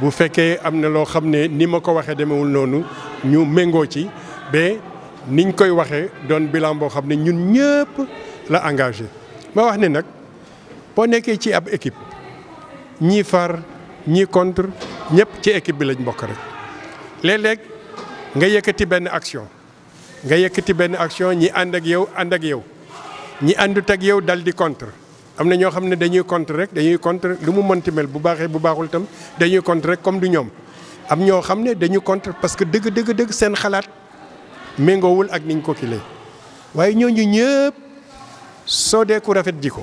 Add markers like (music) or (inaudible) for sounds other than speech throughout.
bu fekkee am na loo xam ne ni ma ko waxee demewul noonu ñu méngoo ci ba niñ koy waxee doon bilan boo xam ne ñun ñëpp la engagé ma wax ne nag boo nekkee ci ab équipe ñii far ñii contre ñëpp ci équipe bi lañ bokk rek léeg-léeg nga yëkkati benn action nga yëkkati benn action ñi ànd ak yow ànd ak yow ñi àndut ak yow dal di contre am na ñoo xam ne dañuy contre rek dañuy contre lu mu mënti mel bu baaxee bu baaxul itam dañuy contre rek comme du ñoom am ñoo xam ne dañu contre parce que dëgg dëgg seen xalaat méngoowul ak niñ ko kilee waaye ñoo ñu ñëpp soo dee ku rafet ji ko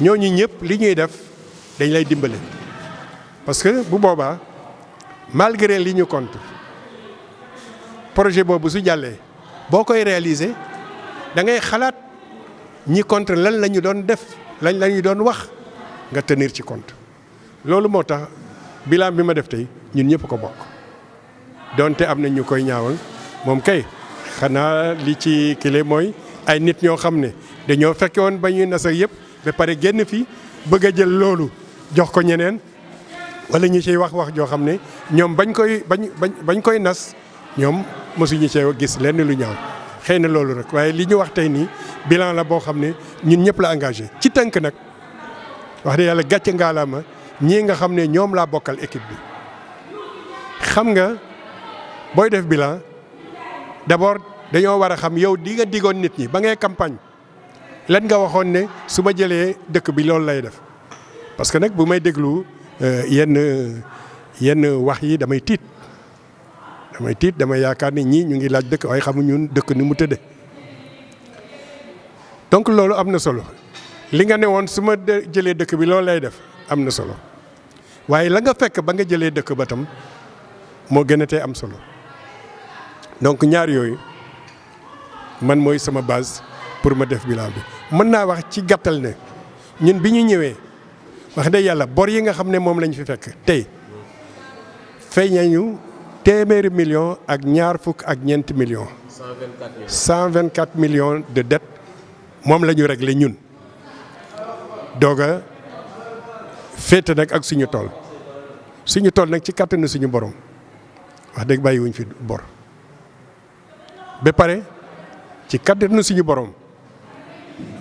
ñooñu ñëpp li ñuy def dañ lay dimbale parce que bu boobaa malgré li ñu contre projet boobu su jàllee boo koy réaliser da ngay xalaat. ñi contre lan lañu doon def lañ la doon wax nga tenir ci compte loolu moo tax bilaam bi ma def tey ñun ñëpp ko bokk donte am na ñu koy ñaawal moom kay xanaa li ci kile mooy ay nit ñoo xam ne dañoo fekke woon ba ñu nasa yëpp ba pare génn fi bëgg a jël loolu jox ko ñeneen wala ñu ciy wax wax joo xam ne ñoom bañ koy bañ bañ bañ koy nas ñoom mosuñu cee gis lenn lu ñaaw xeyna lolu rek waye li ñu wax tay ni bilan la bo xam ñun ñepp la engagé ci tank nak wax dëgg yàlla gàcce ngaalaama ñi nga xamne ñom la bokal équipe bi xam nga boy def bilan d'abord dañu wara xam yow di nga digon nit ñi ba ngay campagne lan nga waxon ne suma bi lolu lay def parce que nak bu may déglu euh, yenn yenn wax yi damay tiit damay tiit damay yaakaar ni ñii ñu ngi laaj dëkk waaye xamu ñun dëkk ni mu tëdde donc loolu am na solo li nga ne woon su ma jëlee dëkk bi loolu lay def am na solo waaye la nga fekk ba nga jëlee dëkk ba tam moo gën a tee am solo donc ñaar yooyu man mooy sama base pour ma def bilan bi mën naa wax ci gàttal ne ñun bi ñu ñëwee wax dëgg yàlla bor yi nga xam ne moom lañ fi fekk tey fay nañu téeméeri millions ak ñaar fuk ak ñent millions. 124 millions de dettes mom lañu régler réglé ñun doga a nak ak suñu toll suñu toll nak ci kàttanu suñu borom wax dëgg bàyyiwuñ fi bor Be pare ci kàttanu suñu borom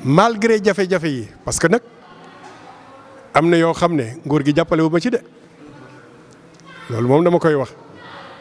malgré jafé jafé yi parce que nag am yo xamné ngor ne gi jappalé wu ma ci dé loolu mom dama koy wax.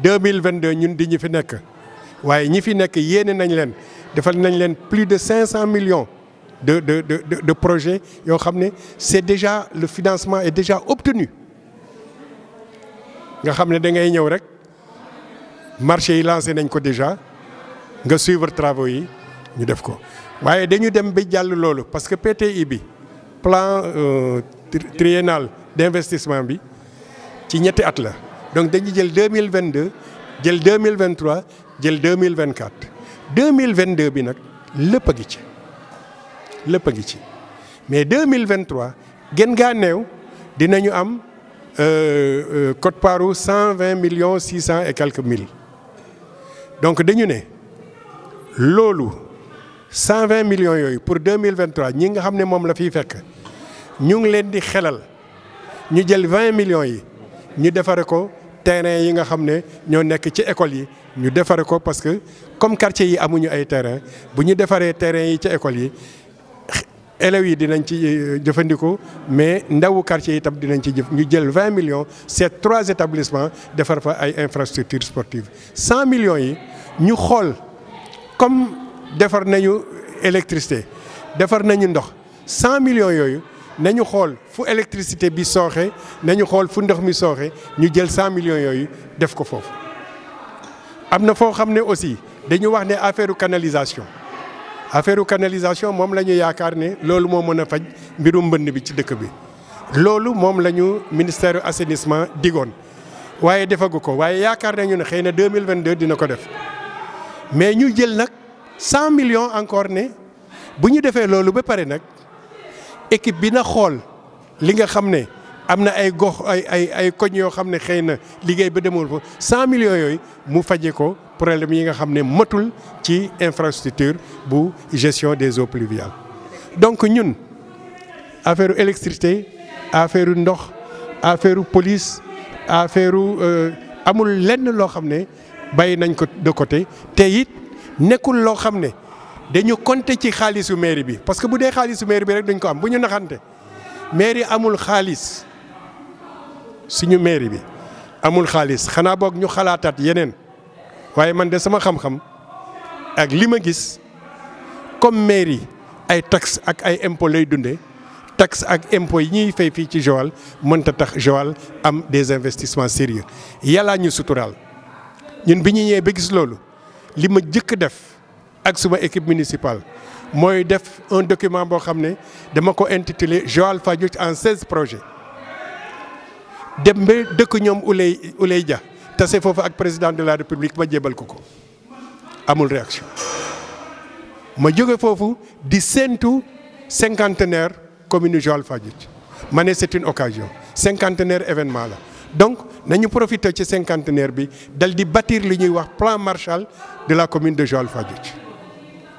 2022 nous avons fait plus de 500 millions de projets et c'est déjà le financement est déjà obtenu Nous vous da marché lancé déjà suivre travaux nous ñu def ko parce que PTI plan euh, triennal d'investissement bi ci donc, nous 2022, 2023, jël 2024. 2022, nak, le pagiche. Le pagiche. Mais 2023, nous avons un code paro 120 millions 600 et quelques mille. Donc, nous avons un 120 millions pour 2023. Nous avons un homme qui fait. Nous avons un homme qui Nous 20 millions. Nous avons terrain yi nga xamné ne nek ci école yi ñu défaré ko parce que comme quartier yi amuñu ay terrain bu ñu defaree terrain yi ci école yi élèves yi dinañ ci euh, jëfëndiko mais ndawu quartier yi tam dinañ ci jëf ñu jël 20 millions ces trois établissements défar fa ay infrastructures sportives 100 millions yi ñu xol comme défar nañu électricité défar nañu ndox 100 millions yoyu nañu xol fu électricité bi soxé nañu fu ndox mi ñu jël 100 millions def ko aussi dañu wax né affaire canalisation affaire canalisation mom lañu yaakar né loolu moo faj mbiru mbënd bi ci dëkk bi loolu mom lañu ministère assainissement ce ko 2022 dina ko def mais ñu jël nak 100 millions encore ba équipe bi na xol li nga xamné amna ay gox ay ay ay koñ yo xamné xeyna xëy ba demul fa cent millions yoy mu faje ko problème yi nga xamné matul ci infrastructure bu gestion des eaux pluviales donc ñun affaire électricité affaire ndox affaire police affaire euh, amul lenn lo xamné ne nañ ko de côté té it nekkul lo xamné dañu compter ci xaalisu mairie bi parce que bu dee xaalisu mairie bi rek duñ ko am bu ñu naxante mairie amul xaalis suñu mairie bi amul xaalis xanaa boog ñu xalaataat yeneen waaye man de sama xam-xam ak li ma gis comme mairie ay tax ak ay impôts lay dunde taxes ak impôts yi ñuy fay fii ci Joal mënta tax Joal am des investissements sérieux yàllaa ñu suturaal ñun bi ñu ñëwee ba gis loolu li ma jëkk def. avec suma équipe municipale mooy def un document qui xam intitulé Joal Fadiouth en 16 projets Je ba dëkk ñoom Ouley je suis c'est avec le président de la république je jébal ko ko amul réaction ma jóge foofu di séentu cinquantenaire commune Joal Fadiouth Mané, c'est une occasion cinquantenaire événement donc nous allons ci cinquantenaire bi dal pour bâtir le plan Marshall de la commune de Joal Fadiouth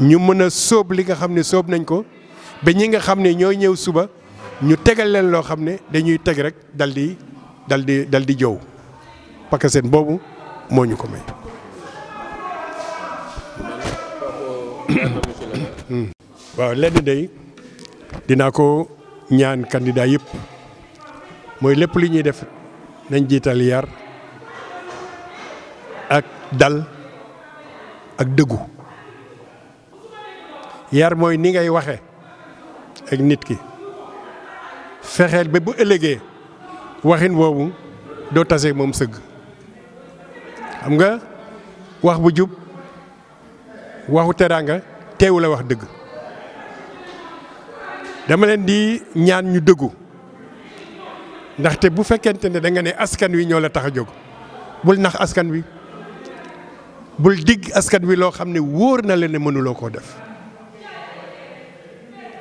ñu mën a sóob li nga xam ne soob nañ ko ba ñi nga xam ne ñoo ñëw suba ñu tegal leen loo xam ne dañuy teg rek daldi daldi dal di dal di jow pakaseen boobu moo ñu ko may. (coughs) waaw lenn day dinaa ko ñaan candidat yëpp mooy lépp li ñuy def nañ jiital yar ak dal ak dëggu. yar mooy ni ngay waxe ak nit ki fexeel ba bu ëllëgee waxin woowu doo tase moom sëgg xam nga wax bu jub waxu teraanga teewu la wax dëgg dama leen di ñaan ñu dëggu ndaxte bu fekkente ne danga ne askan wi ñoo la tax a jóg bul nax askan wi bul digg askan wi loo xam ne wóor na leen ne mënuloo koo def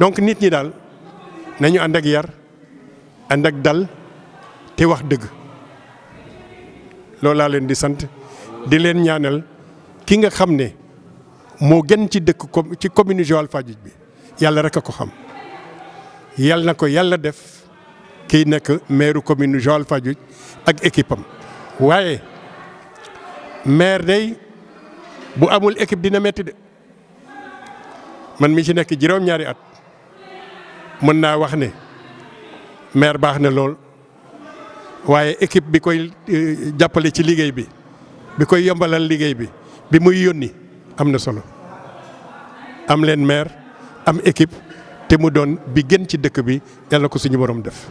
donc nit ñi daal nañu ànd ak yar ànd dal te wax dëgg loolu laa leen di sant di leen ñaanal ki nga xam ne moo gën ci dëkk ci commune Joal-Fadiouth bi yàlla rek a ko xam yàlla na ko yàlla def kiy nekk maire commune Joal-Fadiouth ak équipe waaye maire day bu amul équipe dina metti de man mi ci nekk juróom-ñaari at mën naa wax ne maire baax na lool waaye équipe bi koy euh, jàppale ci liggéey bi bi koy yombalal liggéey bi bi muy yónni am na solo am leen maire am équipe te mu doon bi gën ci dëkk bi yàlla ko suñu borom def.